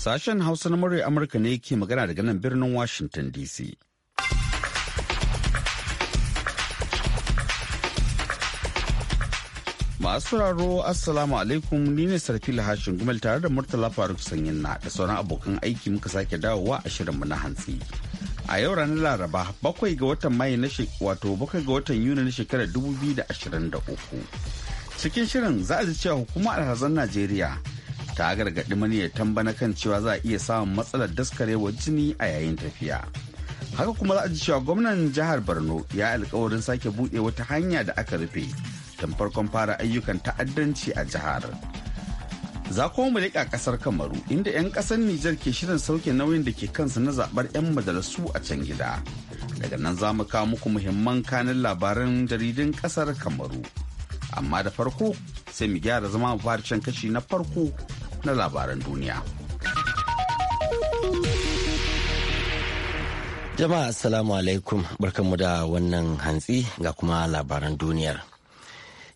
Sashen Hausa na murya Amurka ne ke magana daga nan birnin Washington DC. Masu raro Assalamu alaikum ni ne Sarfi Lahashin Gumel tare da Murtala Faruk Sanyin na da sauran abokan aiki muka sake dawowa a shirinmu na hantsi. A yau ranar Laraba bakwai ga watan Mayu na wato bakwai ga watan Yuni na shekarar 2023. Cikin shirin za a ji cewa hukumar alhazan Najeriya ta gargaɗi mani maniyyatan tambana kan cewa za a iya samun matsalar daskarewar jini a yayin tafiya haka kuma za a ji cewa gwamnan jihar borno ya alkawarin sake buɗe wata hanya da aka rufe tun farkon fara ayyukan ta'addanci a jihar za kuma mu kasar ƙasar kamaru inda 'yan ƙasar nijar ke shirin sauke nauyin da ke kansu na zaɓar 'yan majalisu a can gida daga nan za mu kawo muku muhimman kanin labaran jaridun ƙasar kamaru amma da farko sai mu gyara zama mu fara can kashi na farko na labaran duniya. Jama'a Assalamu alaikum barkanmu da wannan hantsi ga kuma labaran duniyar.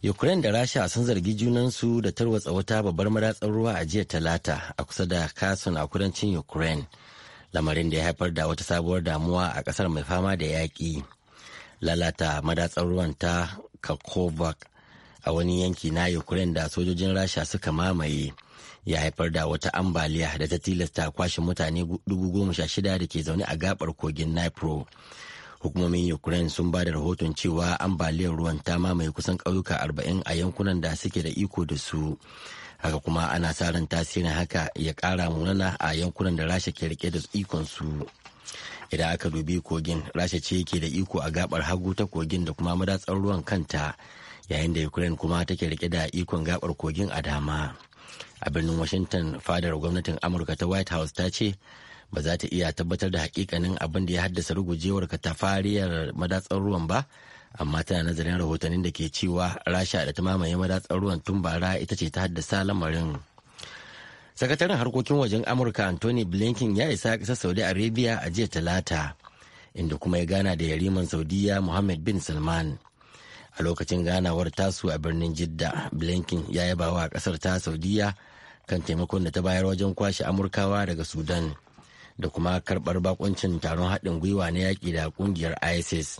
Ukraine da Rasha sun zargi junansu da tarwatsa wata babbar madatsar ruwa a jiya talata a kusa da kasun a kudancin Ukraine. Lamarin da ya haifar da wata sabuwar damuwa a kasar mai fama da yaƙi. Lalata madatsar ruwan ta kakovak a wani yanki na Ukraine da sojojin Rasha suka mamaye ya haifar da wata ambaliya da ta tilasta kwashe mutane shida da ke zaune a gabar kogin Nipro. Hukumomin Ukraine sun ba da rahoton cewa ambaliyar ruwan ta mamaye kusan ƙauyuka arba'in a yankunan da suke da iko da su. Haka kuma ana sa ran tasirin haka ya kara munana a yankunan da Rasha ke rike da ikon su. Idan aka dubi kogin, Rasha ce ke da iko a gabar hagu ta kogin da kuma madatsar ruwan kanta, yayin da Ukraine kuma take rike da ikon gabar kogin a dama. a birnin washington fadar gwamnatin amurka ta white house ta ce ba za ta iya tabbatar da hakikanin abin da ya haddasa rugujewar katafariyar madatsar ruwan ba amma tana nazarin rahotannin da ke cewa rasha da ta mamaye madatsar ruwan tun bara ita ce ta haddasa lamarin sakataren harkokin wajen amurka anthony blinken ya isa kasar saudi arabia a jiya talata inda kuma ya gana da yariman saudiya mohammed bin salman a lokacin ganawar tasu a birnin jidda blinken ya yaba wa kasar ta saudiya kan taimakon da ta bayar wajen kwashe amurkawa daga sudan da kuma karbar bakuncin taron haɗin gwiwa na yaƙi da ƙungiyar isis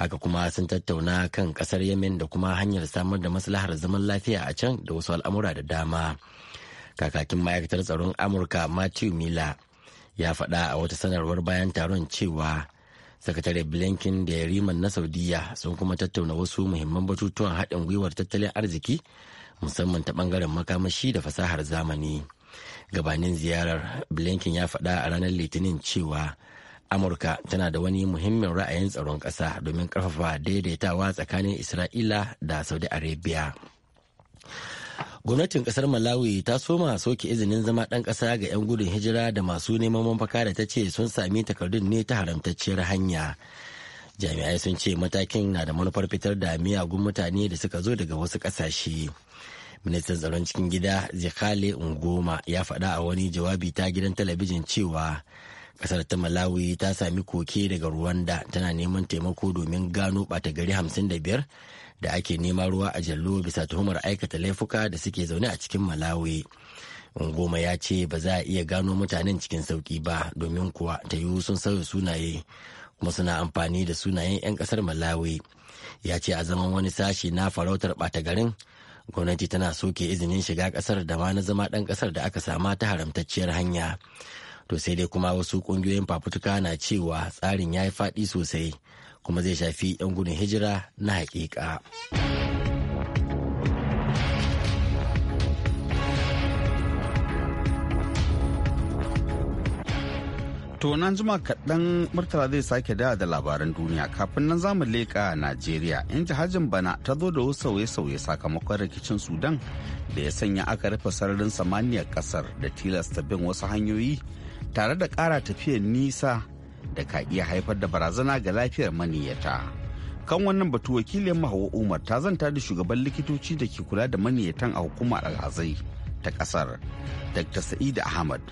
haka kuma sun tattauna kan ƙasar yemen da kuma hanyar samar da maslahar zaman lafiya a can da wasu al'amura da dama kakakin ma'aikatar tsaron amurka matthew miller ya faɗa a wata sanarwar bayan taron cewa sakatare blinken da yariman na saudiya sun kuma tattauna wasu muhimman batutuwan haɗin gwiwar tattalin arziki musamman ta ɓangaren makamashi da fasahar zamani gabanin ziyarar blinken ya faɗa a ranar litinin cewa amurka tana da wani muhimmin ra'ayin tsaron ƙasa domin ƙarfafa daidaitawa tsakanin isra'ila da saudi arabia gwamnatin kasar malawi ta soma soke izinin zama ɗan ƙasa ga 'yan gudun hijira da masu neman mafaka da ta ce sun sami takardun ne ta haramtacciyar hanya jami'ai sun ce matakin na da manufar fitar da miyagun mutane da suka zo daga wasu ƙasashe ministan tsaron cikin gida zikale ngoma ya faɗa a wani jawabi ta gidan talabijin cewa Kasar ta Malawi ta sami koke daga Rwanda tana neman taimako domin gano ɓata gari 55 da ake nema ruwa a jallo bisa tuhumar aikata laifuka da suke zaune a cikin Malawi. Ngoma ya ce ba za a iya gano mutanen cikin sauki ba domin kuwa ta yiwu sun sauya sunaye kuma suna amfani da sunayen 'yan kasar Malawi. Ya ce a zaman wani sashi na farautar bata garin gwamnati tana soke izinin shiga kasar da ma na zama ɗan kasar da aka sama ta haramtacciyar hanya to sai dai kuma wasu kungiyoyin fafutuka na cewa tsarin ya yi faɗi sosai kuma zai shafi 'yan gudun hijira na hakika. To nan jima kaɗan Murtala zai sake da da labaran duniya kafin nan zamu leƙa Najeriya in jihajin bana ta zo da wasu sauye-sauye sakamakon rikicin Sudan da ya sanya aka rufe sararin samaniyar ƙasar da tilasta bin wasu hanyoyi tare da ƙara tafiyar nisa da ka iya haifar da barazana ga lafiyar maniyyata. Kan wannan batu wakilin Mahawa Umar ta zanta da shugaban likitoci da ke kula da maniyyatan a hukumar alhazai ta ƙasar Dr. Sa'id Ahmad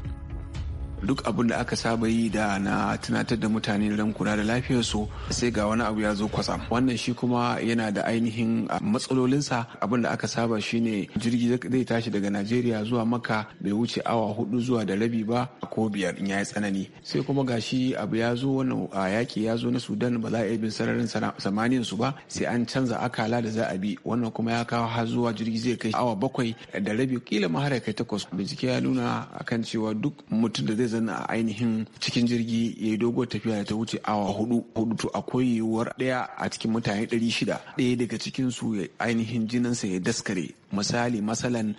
duk abin da aka saba yi da na tunatar da mutane don kula da lafiyarsu sai ga wani abu ya zo kwatsam wannan shi kuma yana da ainihin ah, matsalolinsa abin da aka saba shine jirgi zai tashi daga najeriya zuwa maka bai wuce awa hudu zuwa da rabi ba ko biyar in ya tsanani sai kuma gashi abu ya zo wannan ah, yaki ya zo na sudan ba za a iya bin sararin samaniyar su ba sai an canza akala da za a bi wannan kuma ya kawo har zuwa jirgi zai kai awa bakwai da rabi kila ma har kai takwas bincike ya nuna akan cewa duk mutum da zai zana a ainihin cikin jirgi ya yi doguwar tafiya da ta wuce awa hudu hudu to akwai yiwuwar ɗaya a cikin mutane ɗari shida ɗaya daga cikin su ainihin jininsa ya daskare misali masalan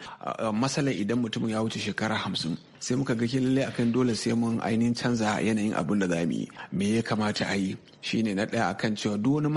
masalan idan mutum ya wuce shekara hamsin sai muka ga lalle akan dole sai mun ainihin canza yanayin abin da za yi me ya kamata a yi shine na ɗaya akan cewa duk wani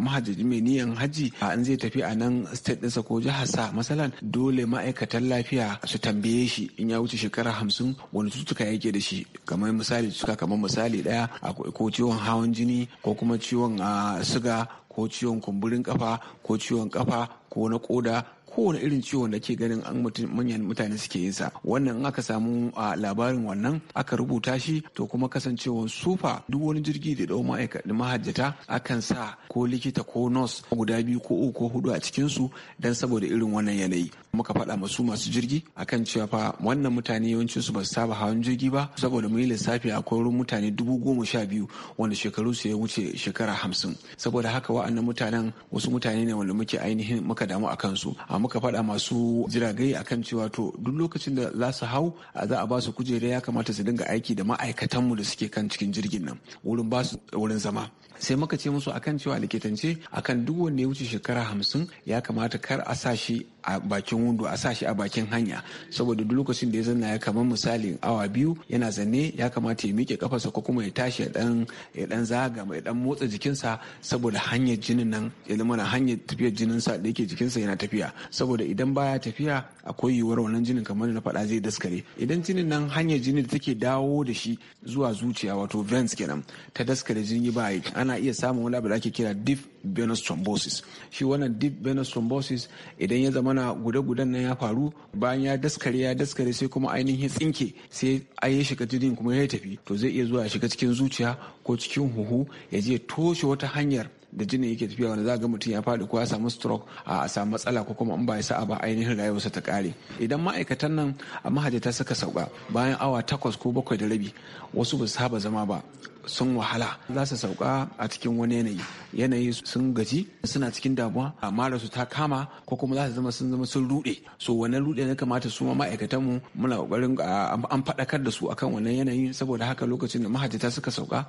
mahajjaji mai niyan haji in zai tafi a nan state ɗinsa ko sa masalan dole ma'aikatan lafiya su tambaye shi in ya wuce shekara hamsin wani cutuka yake da shi kamar misali cutuka kamar misali ɗaya ko ciwon hawan jini ko kuma ciwon suga ko ciwon kumburin kafa ko ciwon kafa ko na koda kowane irin ciwo da ke ganin an manyan mutane suke yin sa wannan aka samu a labarin wannan aka rubuta shi to kuma kasancewan sufa duk wani jirgi da dau ma'aikata mahajjata akan sa ko likita ko nurse guda biyu ko uku ko hudu a cikin su dan saboda irin wannan yanayi muka faɗa masu masu jirgi akan cewa fa wannan mutane yawancin su ba su saba hawan jirgi ba saboda mun yi lissafi akwai wurin mutane dubu goma sha biyu wanda shekaru su ya wuce shekara hamsin saboda haka wa'annan mutanen wasu mutane ne wanda muke ainihin muka damu a kansu amma muka faɗa masu jiragai akan cewa to duk lokacin da za su hau za a ba su kujera ya kamata su dinga aiki da ma'aikatanmu da suke kan cikin jirgin nan wurin ba su wurin zama sai muka ce musu akan cewa likitance akan duk wanda ya wuce shekara hamsin ya kamata kar a sa shi a bakin windo a sashi a bakin hanya saboda duk lokacin da ya zanna ya kamar misali awa biyu yana zanne ya kamata ya miƙe kafarsa ko kuma ya tashi ya dan ya dan zaga mai dan motsa jikinsa saboda hanyar jinin nan ya zama hanyar tafiyar jinin sa da yake jikinsa yana tafiya saboda idan baya tafiya akwai yiwuwar wannan jinin kamar na faɗa zai daskare idan jinin nan hanyar jinin da take dawo da shi zuwa zuciya wato veins kenan ta daskare jini ba ana iya samun wani abu da ake kira deep venous thrombosis shi wannan deep venous thrombosis idan ya zama na guda gudan nan ya faru bayan ya daskare ya daskare sai kuma ainihin tsinke sai a ya shiga jinin kuma ya tafi to zai iya zuwa ya shiga cikin zuciya ko cikin huhu ya je toshe wata hanyar da jini yake tafiya wanda za ga mutum ya faɗi ko ya samu stroke a samu matsala ko kuma in ba ya sa'a ba ainihin rayuwarsa ta ƙare idan ma'aikatan nan a mahajjata suka sauka bayan awa takwas ko bakwai da rabi wasu ba su saba zama ba sun wahala za su sauka a cikin wani yanayi yanayi sun gaji suna cikin damuwa mara su ta kama ko kuma za su zama sun zama sun rude so wannan rude ne kamata su ma ma'aikatan mu muna kokarin an faɗakar da su akan wannan yanayi saboda haka lokacin da mahajjata suka sauka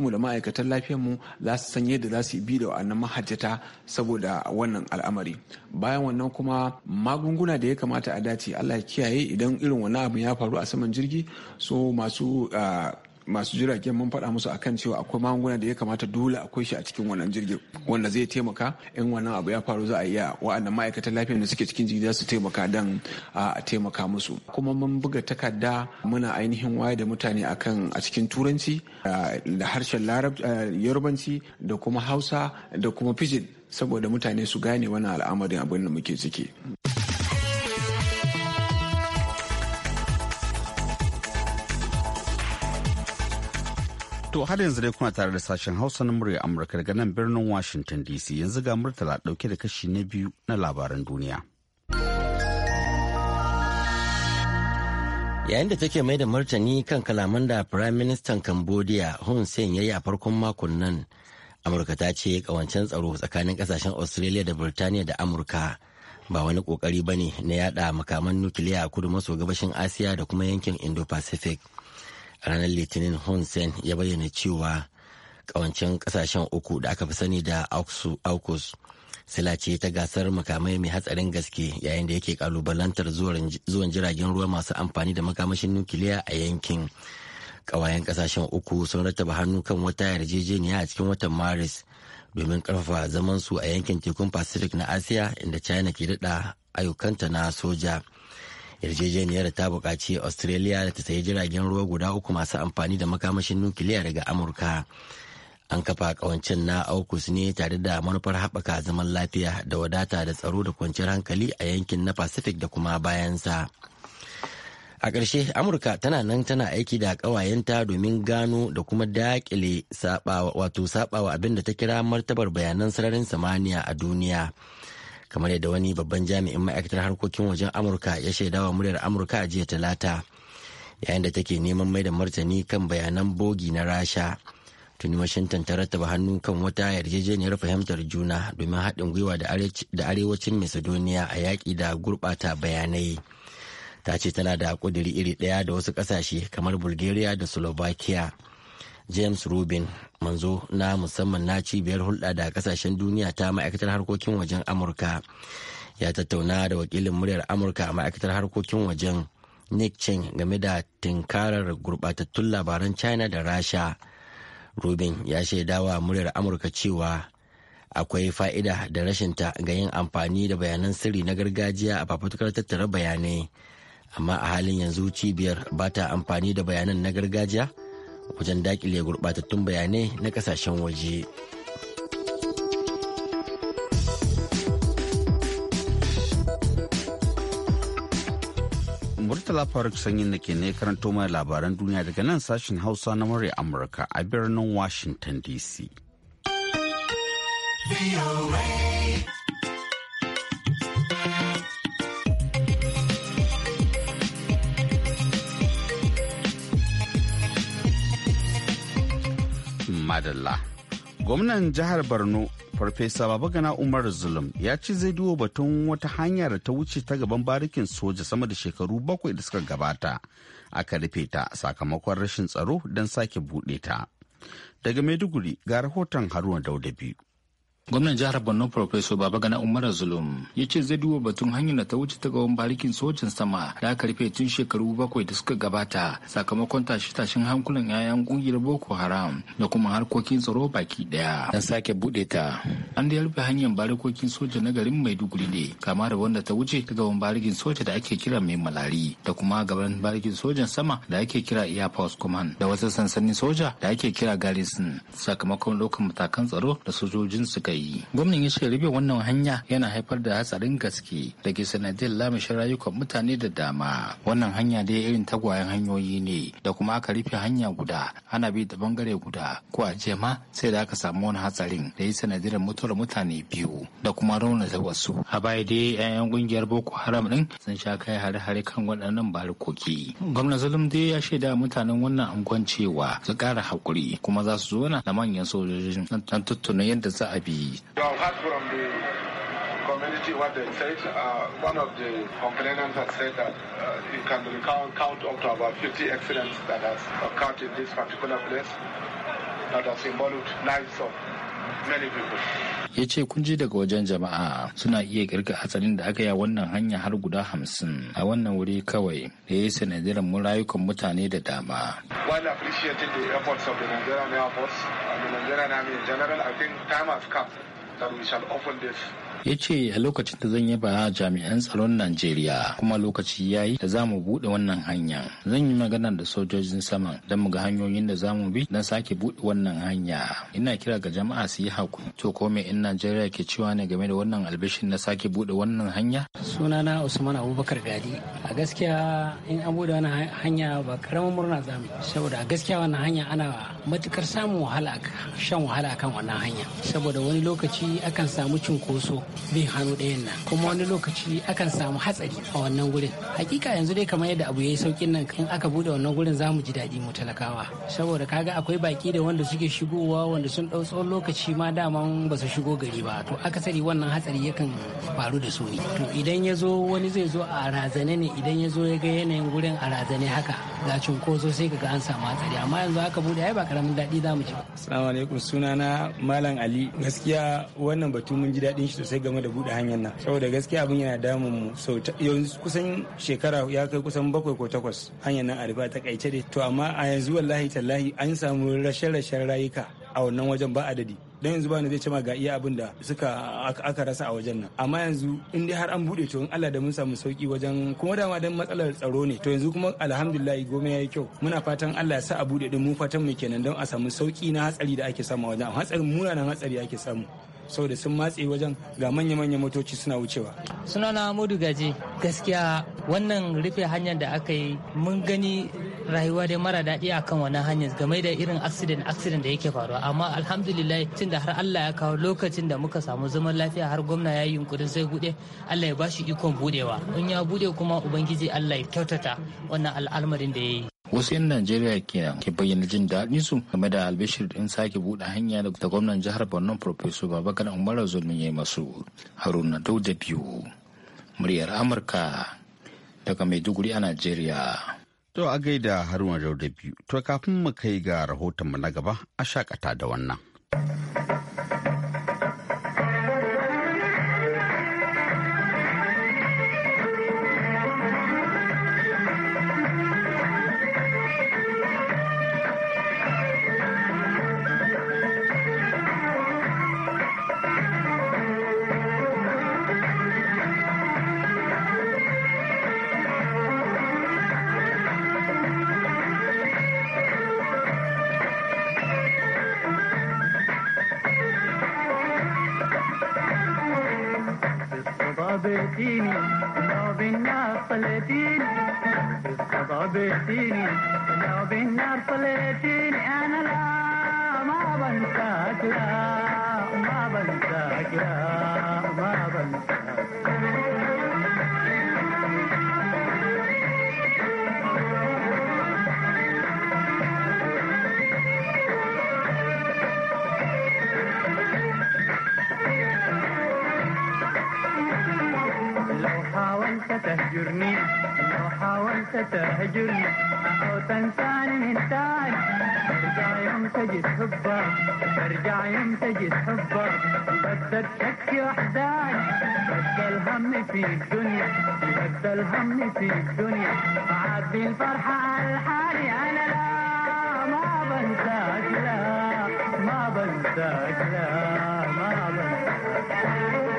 mu da ma'aikatan lafiyar mu za su san yadda za su bi da wannan mahajjata saboda wannan al'amari bayan wannan kuma magunguna da ya kamata a dace Allah ya kiyaye idan irin wannan abu ya faru a saman jirgi so masu masu jiragen mun faɗa musu akan cewa akwai magunguna da ya kamata dole akwai shi a cikin wannan jirgin wanda zai taimaka in wannan abu ya faru za a iya wa'annan ma'aikatan lafiya da suke cikin jirgin za su taimaka dan a taimaka musu kuma mun buga takarda muna ainihin waye da mutane akan a cikin turanci da harshen yarubanci da kuma hausa da kuma pidgin saboda mutane su gane wannan al'amarin abin da muke ciki To har yanzu dai kuna tare da sashen Hausa na murya Amurka daga nan birnin Washington DC yanzu ga murtala dauke da kashi na biyu na labaran duniya. Yayin da take mai da martani kan kalaman da Prime Minister Cambodia Hun Sen ya yi a farkon makon nan, Amurka ta ce kawancen tsaro tsakanin kasashen Australia da Birtaniya da Amurka ba wani kokari ne na yada makaman nukiliya a kudu maso gabashin Asiya da kuma yankin Indo-Pacific. a ranar litinin hun sen ya bayyana cewa ƙawancen kasashen uku da aka fi sani da aukus sila ce ta gasar makamai mai hatsarin gaske yayin da yake kalubalantar zuwan jiragen ruwa masu amfani da makamashin nukiliya a yankin kawayen kasashen uku sun rattaba hannu kan wata yarjejeniya a cikin watan maris domin karfafa su a yankin tekun pacific na asiya inda china ke daɗa ayyukanta na soja. yarjejeniyar ta bukaci australia da ta sayi jiragen ruwa guda uku masu amfani da makamashin nukiliya daga amurka an kafa kawancin na aukus ne tare da manufar haɓaka zaman lafiya da wadata da tsaro da kwanciyar hankali a yankin na pacific da kuma bayansa a ƙarshe amurka tana nan tana aiki da ƙawayenta domin gano da kuma daƙile wato saɓawa abin da ta kira martabar bayanan sararin samaniya a duniya kamar yadda wani babban jami'in ma'aikatar harkokin wajen amurka ya shaidawa muryar amurka a jiya talata yayin da take neman mai da martani kan bayanan bogi na rasha tuni washington ta rattaba hannu kan wata yarjejeniyar fahimtar juna domin haɗin gwiwa da arewacin macedonia a yaƙi da gurɓata bayanai ta ce tana da ƙudiri iri ɗaya da wasu ƙasashe kamar bulgaria da slovakia james rubin manzo na musamman na cibiyar hulɗa da kasashen duniya ta ma'aikatar harkokin wajen amurka ya tattauna da wakilin muryar amurka a ma'aikatar harkokin wajen nick cheng game da tinkarar gurbatattun labaran china da rasha rubin ya shaidawa muryar amurka cewa akwai fa'ida da rashinta ga yin amfani da bayanan sirri na gargajiya a fafutukar tattara bayanai amma a halin yanzu cibiyar ba ta amfani da bayanan na gargajiya wajen dakile gurɓatattun bayanai na kasashen waje. Murtala Faruk Sanyin da ke ne karanto mai labaran duniya daga nan sashen Hausa na murya Amurka a birnin Washington DC. madalla. Gwamnan jihar Borno, Farfesa Babagana Umar Zulum ya ce zai duba batun wata hanya da ta wuce ta gaban barikin soja sama da shekaru bakwai da suka gabata. Aka rufe ta sakamakon rashin tsaro don sake buɗe ta. Daga Maiduguri ga rahoton Haruna Daudabi. biyu. gwamnan jihar borno baba babagana umar zulum ya ce zai duba batun hanyar da ta wuce ta gaban barikin sojan sama da aka rufe tun shekaru bakwai da suka gabata sakamakon tashe-tashen hankulan 'ya'yan kungiyar boko haram da kuma harkokin tsaro baki daya don sake bude ta an da rufe hanyar barikokin soja na garin maiduguri ne kama da wanda ta wuce ta gaban barikin soja da ake kira mai malari da kuma gaban barikin sojan sama da ake kira air force command da wasu sansanin soja da ake kira garrison sakamakon lokacin matakan tsaro da sojojin suka yi yi gwamnan ya ce rufe wannan hanya yana haifar da hatsarin gaske da ke sanadiyar lamishin rayukan mutane da dama wannan hanya dai irin tagwayen hanyoyi ne da kuma aka rufe hanya guda ana bi da bangare guda ko a ma sai da aka samu wani hatsarin da ya sanadiyar mutuwar mutane biyu da kuma raunata wasu a baya dai 'ya'yan kungiyar boko haram din sun sha kai hare-hare kan waɗannan barkoki gwamnan zulum dai ya shaida mutanen wannan unguwan cewa su kara haƙuri kuma za su zo na manyan sojojin don tattuna yadda za a biyi community. You have heard from the community what they said. Uh, one of the complainants has said that uh, you can count, count up to about 50 accidents that has occurred in this particular place that has involved lives of ya ce kun daga wajen jama'a suna iya girka hatsarin da aka yi wannan hanya har guda hamsin a wannan wuri kawai da ya yi sanadiran mu rayukan mutane da dama. Nigerian Army in general, I think time has come that we shall open this ya ce a lokacin da zan yaba jami'an tsaron najeriya kuma lokaci ya yi da za mu buɗe wannan hanya zan yi magana da sojojin saman don mu ga hanyoyin da za mu bi don sake buɗe wannan hanya ina kira ga jama'a su yi haku to ko me in najeriya ke cewa ne game da wannan albishin na sake buɗe wannan hanya sunana usman abubakar gadi a gaskiya in an buɗe wannan hanya ba karamin murna za mu saboda a gaskiya wannan hanya ana matukar samun wahala shan wahala kan wannan hanya saboda wani lokaci akan samu cunkoso bin hannu ɗayan nan kuma wani lokaci akan samu hatsari a wannan gurin hakika yanzu dai kamar yadda abu ya yi saukin nan in aka bude wannan gurin za mu ji daɗi mu talakawa saboda kaga akwai baki da wanda suke shigowa wanda sun ɗau tsawon lokaci ma daman ba su shigo gari ba to akasari wannan hatsari yakan faru da su ne to idan ya zo wani zai zo a razane ne idan ya zo ya ga yanayin gurin a razane haka ga cunkoso sai kaga an samu hatsari amma yanzu aka bude ai ba karamin daɗi za mu ji ba. Assalamu alaikum sunana Malam Ali gaskiya wannan batu mun ji daɗin shi sosai game da buɗe hanyar nan saboda gaskiya abin yana damun mu so yanzu kusan shekara ya kai kusan bakwai ko takwas hanyar nan a ta kaice dai to amma a yanzu wallahi tallahi an samu rashe-rashen rayuka a wannan wajen ba adadi dan yanzu bani zai ce ga iya abin da suka aka rasa a wajen nan amma yanzu in dai har an bude to in Allah da mun samu sauki wajen kuma dama dan matsalar tsaro ne to yanzu kuma alhamdulillah gome yayi kyau muna fatan Allah ya sa a bude din mu fatan mu kenan dan a samu sauki na hatsari da ake samu a wajen hatsarin munanan hatsari ake samu saboda sun matse wajen ga manya-manya motoci suna wucewa suna sunana Amadu gaji gaskiya wannan rufe hanyar da aka yi mun gani rayuwa dai mara daɗi a kan wannan hanyar game da irin accident accident da yake faruwa amma alhamdulillah tun da har Allah ya kawo lokacin da muka samu zaman lafiya har gwamna ya yi yunkurin zai bude Allah ya bashi ikon budewa in ya bude kuma ubangiji Allah ya kyautata wannan al'amarin da ya yi wasu 'yan najeriya kenan ke bayyana jin daɗin su game da albishir din sake buɗe hanya da gwamnan jihar borno professor babakar umaru zulmin ya yi masu haruna da biyu muryar amurka daga maiduguri a najeriya to a gaida haruna da biyu to kafin mu kai ga rahotonmu na gaba a shakata da wannan بيتيني لو بالنار طليتيني بالصبا بيتيني لو بالنار طليتيني انا لا ما بنساك لا ما بنساك لا ما بنساك تهجرني لو حاولت تهجرني أو تنساني من تاني ارجع يوم تجد حبك ارجع يوم تجد حبك يبدل شكي وحداني بس هم في الدنيا بس هم في الدنيا عادي الفرحة على حالي أنا لا ما بنساك لا ما بنساك لا ما بنساك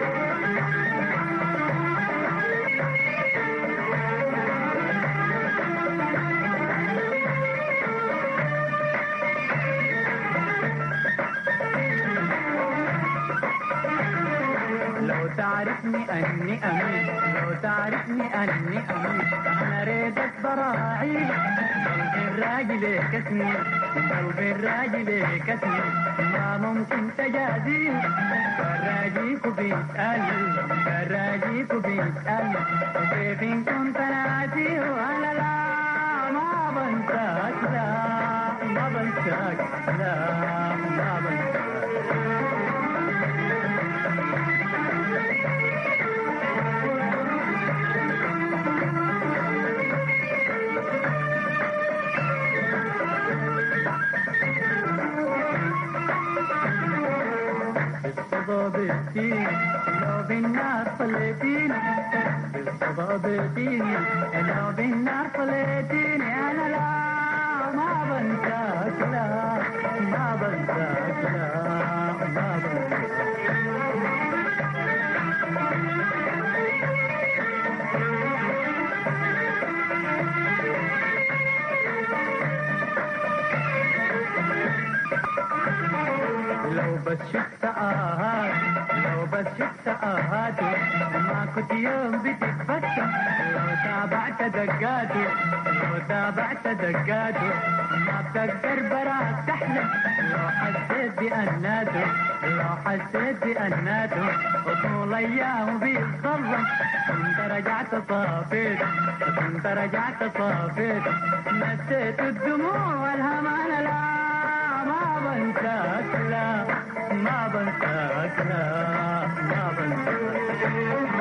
تعرفني أني أمين لو تعرفني أني أمين أنا ريدك براعي قلبي الراجل كسني قلبي الراجل كسني ما ممكن تجازي فراجيك بيسأل فراجيك بيسأل وكيف إن كنت ناسي وأنا لا ما بنساك لا ما بنساك لا ما بنساك بالصبابتين لو بالنار طليتيني بالصبابتين لو بالنار طليتيني انا لا ما بنساك لا ما بنساك لا ما بنساك لو بس كنت يوم بتتفتح لو تابعت دقاته لو تابعت دقاته ما بتقدر براك تحلم لو حسيت بأناته لو حسيت بأناته وطول أيامه بيتظلم كنت رجعت صافيت كنت رجعت صافيت نسيت الدموع والهمان لا ما بنساك لا ما بنساك لا ما بنساك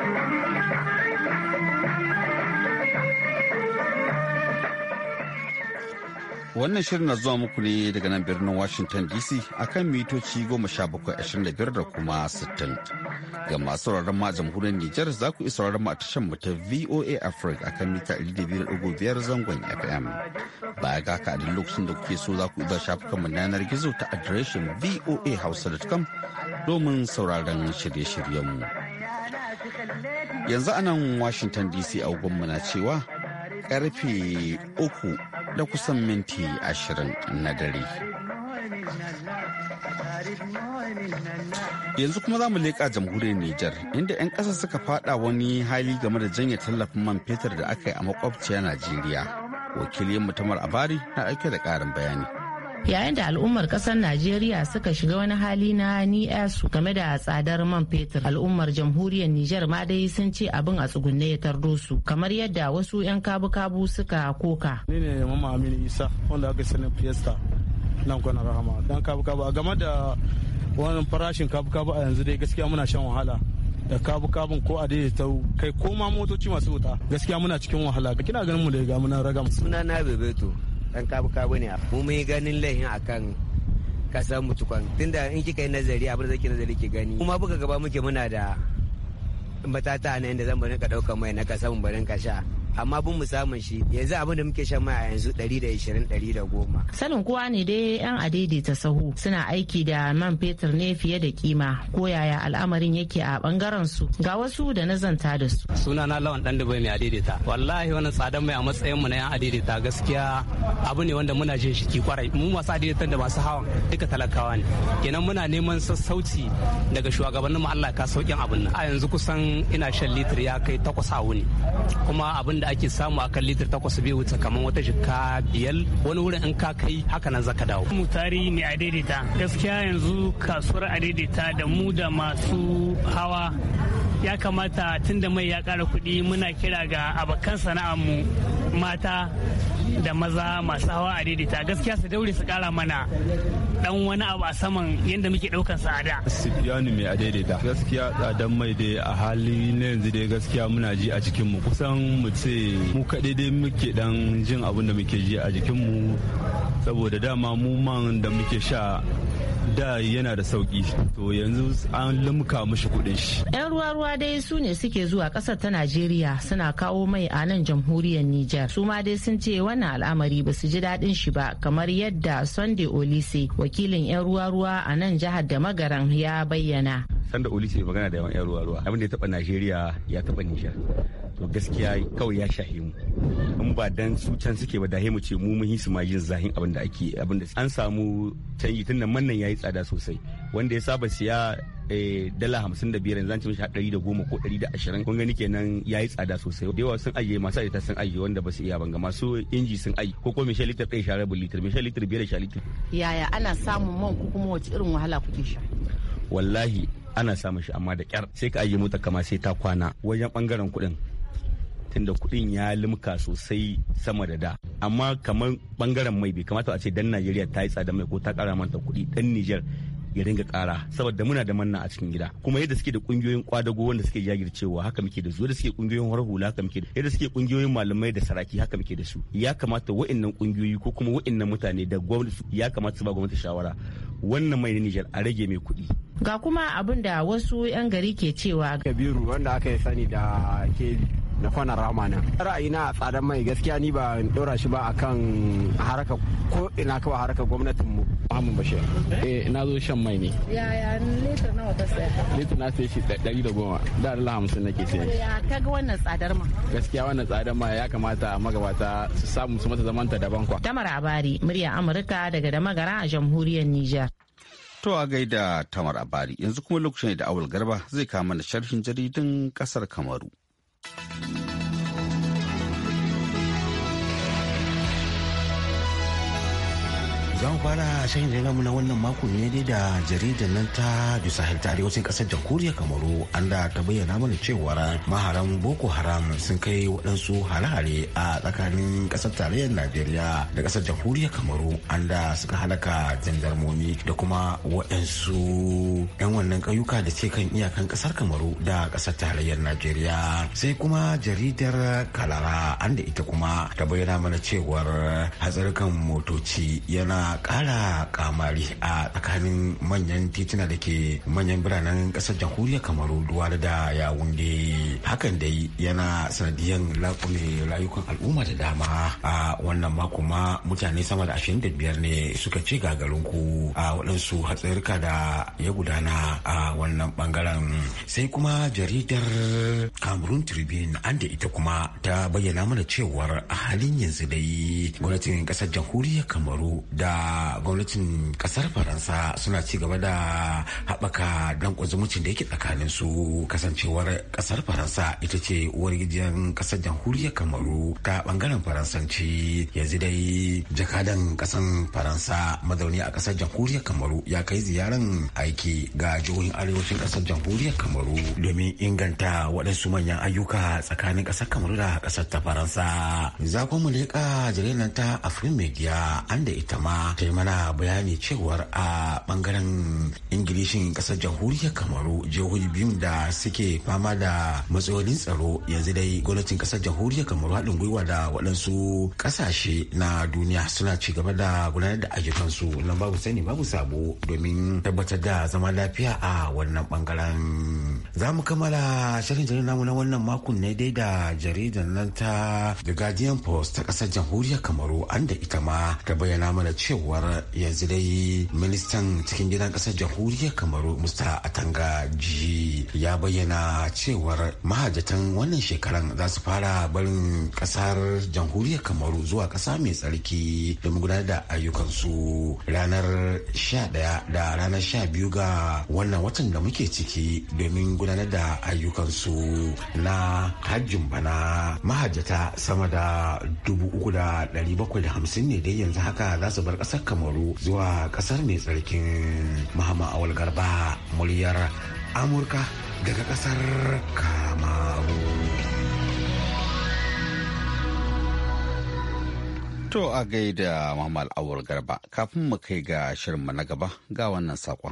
Wannan shirin na zuwa muku ne daga nan birnin Washington DC akan mitoci 1725 da kuma 60. Ga masu sauraron ma a jamhuriyar Nijar za ku isa sauraron ma a tashar mu ta VOA Africa akan mita 200.5 zangon FM. Baya ga haka a duk lokacin da kuke so za ku iya shafukan mu yanar gizo ta adireshin voa hausa.com domin sauraron shirye-shiryen mu. Yanzu a nan Washington DC a na cewa karfe uku da kusan minti ashirin na dare. Yanzu kuma za mu leƙa jamhuriyar Nijar inda 'yan ƙasa suka faɗa wani hali game da janye tallafin man fetur da aka yi a makwabciya Najeriya. Wakilin mutumar Abari na ɗauke da ƙarin bayani. yayin da al'ummar kasar najeriya suka shiga wani hali na su game da tsadar man fetur al'ummar jamhuriyar niger ma dai sun ce abin a tsugunne ya tardo su kamar yadda wasu 'yan kabu-kabu suka koka ni ne mama aminu isa wanda aka sani fiesta nan kwanar rahama dan kabu-kabu a game da wani farashin kabu-kabu a yanzu dai gaskiya muna shan wahala da kabu-kabun ko a ta kai ko ma motoci masu wuta gaskiya muna cikin wahala kina ganin mu da ga muna ragam sunana bebeto dan kabu-kabu ne mu mun yi ganin laihin akan kasar mu tukwan tunda in kika yi nazari abin da kike nazari ki gani kuma buga gaba muke muna da matata ne inda zan bari ka dauka mai na kasa mu bari ka sha amma bin mu samun shi yanzu abin da muke shan mai a yanzu 120 110 sanin kowa ne dai yan adaidaita sahu suna aiki da man fetur ne fiye da kima ko yaya al'amarin yake a bangaren su ga wasu da na zanta da su suna na lawan dan dubai mai adaidaita wallahi wannan tsadan mai a matsayin mu na yan adaidaita gaskiya abu ne wanda muna jin shiki kwarai mu masu adaidaitan da masu hawan duka talakawa ne kenan muna neman sassauci daga shugabannin mu Allah ka saukin abin nan a yanzu kusan ina shan litir ya kai takwas a wuni kuma abin da ake samu a kan litir takwas bai wuce kamar wata jika biyar wani wurin in ka kai haka nan zaka dawo. mu tarihi mai adaidaita gaskiya yanzu kasuwar adaidaita da mu da masu hawa ya kamata tun da mai ya kara kuɗi muna kira ga abokan sana'armu mata da maza masu hawa a daidaita gaskiya su daure su kara mana dan wani abu a saman yadda muke daukan tsada. Sifiyanu mai a daidaita gaskiya tsadan mai dai a hali na yanzu dai gaskiya muna ji a jikin mu kusan mu ce mu kaɗai dai muke dan jin abin da muke ji a jikin mu saboda dama mu man da muke sha da yana da sauki to yanzu an limka mushi kuɗin shi yan ruwa ruwa dai su ne suke zuwa kasar ta najeriya suna kawo mai a nan jamhuriyar niger su ma dai sun ce wannan al'amari ba su ji daɗin shi ba kamar yadda sunday olise wakilin yan ruwa ruwa a nan jihar da magaran ya bayyana Sunday olise magana da yan ruwa ruwa abin da ya taɓa najeriya ya taɓa niger to gaskiya kawai ya shahe mu in ba dan su can suke ba dahe mu ce mu mun hisu ma yin zahin abin da ake abin da an samu canji tun nan mannan yayi tsada sosai wanda ya saba siya eh, dala hamsin da biyar yanzu an ci mishi ɗari da goma ko ɗari da ashirin kun gani kenan ya yi tsada sosai da yawa sun ajiye masu ajiyata sun ajiye wanda ba su iya banga masu inji sun ajiye ko kuma mishan litar ɗaya share bulitir mishan litar biyar da sha litar. yaya ana samun man ko kuma wace irin wahala kuke sha. wallahi ana samun shi amma da kyar sai ka ajiye mota kama sai ta kwana wajen bangaren kuɗin tunda kuɗin ya limka sosai sama da da amma kamar bangaren mai bai kamata a ce dan najeriya ta yi tsada mai ko ta kara manta kuɗi dan niger ya ringa kara saboda muna da manna a cikin gida kuma yadda suke da kungiyoyin kwadago wanda suke jagircewa haka muke da su yadda suke kungiyoyin warhula haka muke da yadda suke kungiyoyin malamai da saraki haka muke da su ya kamata wa'annan kungiyoyi ko kuma wa'annan mutane da gwamnati ya kamata su ba gwamnati shawara wannan mai na Nijar a rage mai kuɗi ga kuma abin da wasu 'yan gari ke cewa kabiru wanda aka yi sani da kebi na rama ramana ra'ayina a tsadar mai gaskiya ni ba dora shi ba akan haraka ko ina kawai haraka gwamnatin mu Muhammad Bashir eh na zo shan mai ne yaya litir nawa ta saya litir na sai shi ɗari da goma da dala nake sai ya kaga wannan tsadar ma gaskiya wannan tsadar ma ya kamata magabata su samu su mata zamanta daban kwa tamar Abari murya Amurka daga da magara a jamhuriyar niger. To a gaida Tamar Abari yanzu kuma lokacin da Awul Garba zai kama da sharhin jaridun kasar Kamaru. za mu fara shayin jirga na wannan mako ne dai da jaridar nan ta du sahel ta arewacin kasar jamhuriyar kamaru an da ta bayyana mana cewar maharan boko haram sun kai waɗansu hare-hare a tsakanin kasar tarayyar najeriya da kasar jamhuriyar kamaru an da suka halaka jandarmomi da kuma waɗansu 'yan wannan ƙauyuka da ke kan iyakan kasar kamaru da kasar tarayyar najeriya sai kuma jaridar kalara an da ita kuma ta bayyana mana cewar hatsarukan motoci yana kara ƙara kamari a tsakanin manyan tituna da ke manyan biranen ƙasar jamhuriyar kamaru duwala da ya wunde hakan dai yana sanadiyan laƙume rayukan al'umma da dama a wannan mako ma mutane sama da ashirin da biyar ne suka ce ku a waɗansu hatsarika da ya gudana a wannan bangaren sai kuma jaridar cameroon tribune an da ita kuma ta bayyana mana cewar a halin yanzu dai gwamnatin ƙasar jamhuriyar kamaru da gwamnatin kasar faransa suna ci gaba da haɓaka danƙon kwazumucin da yake tsakanin su kasancewar kasar faransa ita ce uwar gidan kasar jamhuriyar kamaru ta bangaren faransanci yanzu dai jakadan kasan faransa mazauni a kasar jamhuriyar kamaru ya kai ziyaran aiki ga jihohin arewacin kasar jamhuriyar kamaru domin inganta waɗansu manyan ayyuka tsakanin kasar kamaru da kasar ta faransa za mu leƙa jaridar ta afrin media an da ita ma kuma yi mana bayani cewar a bangaren ingilishin kasar jamhuriyar kamaru jihohi biyun da suke fama da matsalolin tsaro yanzu dai gwamnatin kasar jamhuriyar kamaru haɗin gwiwa da waɗansu ƙasashe na duniya suna ci gaba da gudanar da ayyukansu na babu sani babu sabo domin tabbatar da zama lafiya a wannan bangaren za mu kammala shirin jaridar namu na wannan makon ne dai da jaridar nan ta the guardian post ta kasar jamhuriyar kamaru an da ita ma ta bayyana mana cewa cewar yanzu dai ministan cikin gidan kasar jamhuriyar kamaru musta atanga ji ya bayyana cewar mahajatan wannan shekaran za su fara barin kasar jamhuriyar kamaru zuwa kasa mai tsarki domin gudanar da ayyukansu ranar 11 da ranar 12 ga wannan watan da muke ciki domin gudanar da ayyukansu na hajjin bana mahajjata sama da 3,750 ne dai yanzu haka za su bar kasa. ƙasar kamaru zuwa ƙasar mai tsarkin mahama awal garba muryar amurka daga ƙasar kamaru to a gaida mahama awal garba kafin mu kai ga shirinmu na gaba ga wannan saƙon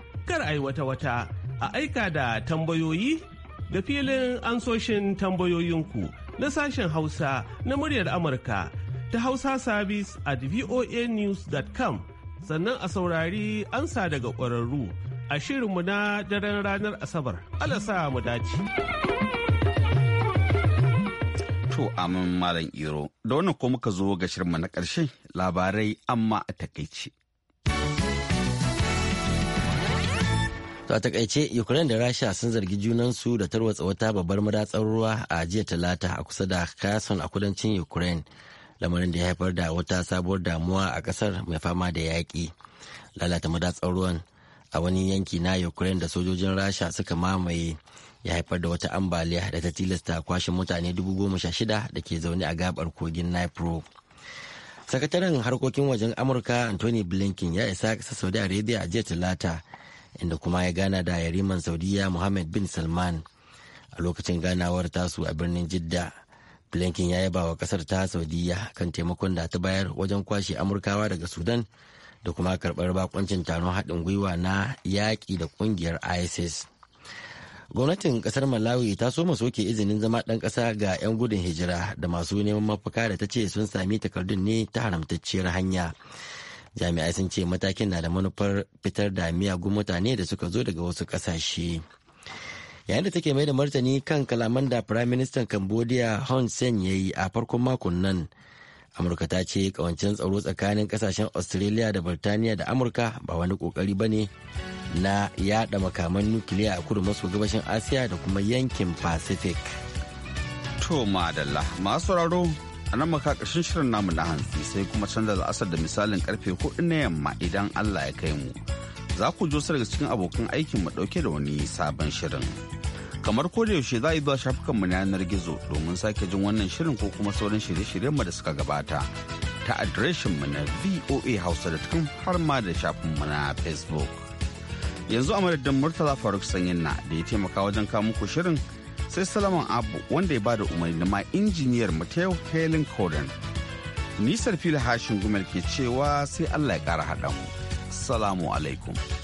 kar a yi wata-wata a aika da tambayoyi da filin ansoshin tambayoyinku na sashen hausa na muryar amurka ta hausa service at voanews.com sannan a saurari ansa daga kwararru a shirinmu na daren ranar asabar alasa mu dace. to amin malam iro da wannan ko muka zo ga shirinmu na ƙarshe labarai amma a takaice. To a takaice Ukraine da Rasha sun zargi junansu da tarwatsa wata babbar madatsar ruwa a jiya talata a kusa da Kherson a kudancin Ukraine. Lamarin da ya haifar da wata sabuwar damuwa a kasar mai fama da yaki Lalata madatsar ruwan a wani yanki na Ukraine da sojojin Rasha suka mamaye ya haifar da wata ambaliya da ta tilasta kwashe mutane dubu goma sha shida da ke zaune a gabar kogin Nipro. Sakataren harkokin wajen Amurka Anthony Blinken ya isa ƙasar Saudi Arabia a jiya talata inda kuma ya gana da yariman saudiya Mohammed bin Salman a lokacin ganawar tasu a birnin Jidda. Blinken ya yaba wa kasar ta Saudiya kan taimakon da ta bayar wajen kwashe Amurkawa daga Sudan da kuma karbar bakoncin taron haɗin gwiwa na yaƙi da ƙungiyar ISIS. Gwamnatin ƙasar Malawi ta so soke izinin zama ɗan ƙasa ga 'yan gudun hijira da masu neman mafaka da ta ce sun sami takardun ne ta haramtacciyar hanya. jami'ai sun ce matakin na da manufar fitar da miyagun mutane da suka zo daga wasu kasashe. yayin da take mai da martani kan kalaman da firayim ministan cambodia hun sen ya yi a farkon makon nan amurka ta ce kawancin tsaro tsakanin kasashen australia da birtaniya da amurka ba wani kokari ba ne na yada makaman nukiliya a kudu maso gabashin asiya da kuma yankin pacific to madalla masu sauraro a nan maka ƙarshen shirin namu na hantsi sai kuma canza la'asar da misalin karfe hudu na yamma idan allah ya kai mu za ku jo daga cikin abokan aikin mu ɗauke da wani sabon shirin kamar ko da yaushe za a yi zuwa shafukanmu na yanar gizo domin sake jin wannan shirin ko kuma sauran shirye-shiryen mu da suka gabata ta adireshin mu na voa hausa da tun har ma da shafin mu na facebook yanzu a madadin murtala faruk sanyin na da ya taimaka wajen kawo muku shirin sai salaman abu wanda ya bada umarni ma injiniyar mateo helen coden nisar fili hashin gumel ke cewa sai allah ya kara haɗa mu salamu alaikum